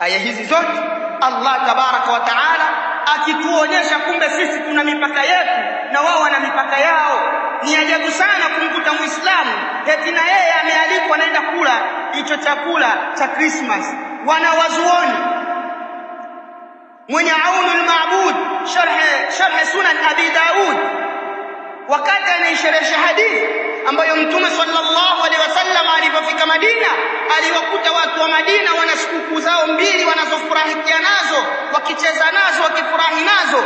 Aya hizi zote Allah tabaraka wa taala akituonyesha kumbe sisi tuna mipaka yetu na wao wana mipaka yao. Ni ajabu sana kumkuta Muislamu eti na yeye amealikwa anaenda kula hicho chakula cha Krismas. Wana wazuoni mwenye Aunul maabud sharh sharh Sunan Abi Daud wakati anaisherehesha hadithi ambayo Mtume sallallahu alaihi wasallam alipofika Madina aliwakuta watu wa Madina wana sikukuu zao mbili wanazofurahikia nazo, wakicheza nazo, wakifurahi nazo.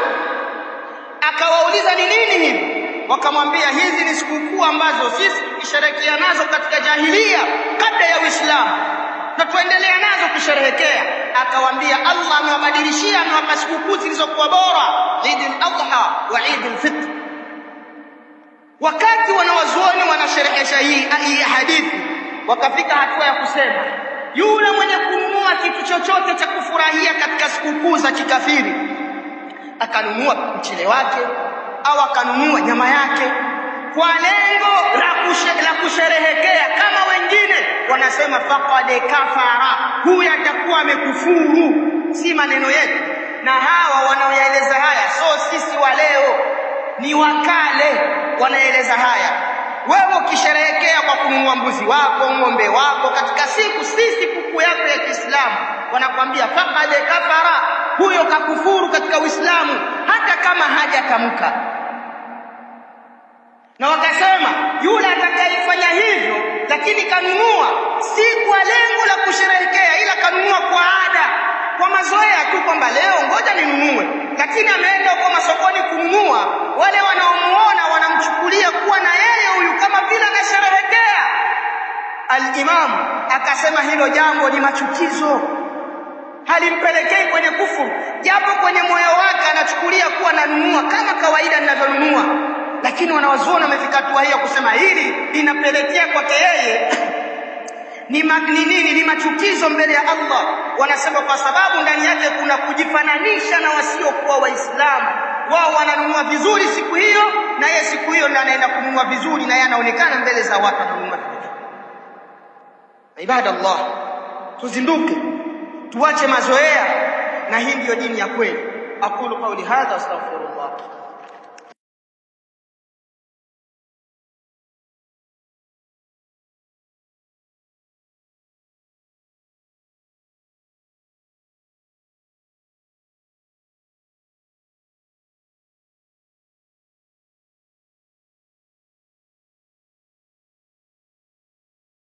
Akawauliza, ni nini hivi? Wakamwambia, hizi ni sikukuu ambazo sisi tukisherehekea nazo katika jahilia kabla ya Uislamu na tuendelea nazo kusherehekea. Akawaambia, Allah amewabadilishia, amewapa sikukuu zilizokuwa bora, Eid al-Adha wa Eid al-Fitr. Wakati wanawazuoni wanasherehesha hii hadithi, wakafika hatua ya kusema yule mwenye kununua kitu chochote cha kufurahia katika sikukuu za kikafiri, akanunua mchele wake au akanunua nyama yake kwa lengo la kusherehekea, kama wengine wanasema, faqad kafara, huyu atakuwa amekufuru. Si maneno yetu, na hawa wanaoyaeleza haya sio sisi wa leo ni wakale wanaeleza haya. Wewe ukisherehekea kwa kumuua mbuzi wako ng'ombe wako katika siku si sikukuu yako ya Kiislamu, wanakwambia faqad kafara, huyo kakufuru katika Uislamu hata kama hajatamka. Na wakasema yule atakayefanya hivyo, lakini kanunua si kwa lengo la kusherehekea, ila kanunua kwa ada, kwa mazoea tu, kwamba leo ngoja ninunue, lakini ameenda huko masokoni kununua Alimamu akasema hilo jambo ni machukizo, halimpelekei kwenye kufuru, japo kwenye moyo wake anachukulia kuwa nanunua kama kawaida ninavyonunua, lakini wanawazuoni wamefika hatua hiyo kusema hili linapelekea kwake yeye ni nini? Ni machukizo mbele ya Allah. Wanasema kwa sababu ndani yake kuna kujifananisha na wasiokuwa Waislamu. Wao wananunua vizuri siku hiyo, na yeye siku hiyo ndiye anaenda kununua vizuri, na yeye anaonekana mbele za watu ananunua vizuri ibada Allah, tuzinduke, tuache mazoea, na hii ndiyo dini ya kweli. Aqulu qawli hadha astaghfirullah.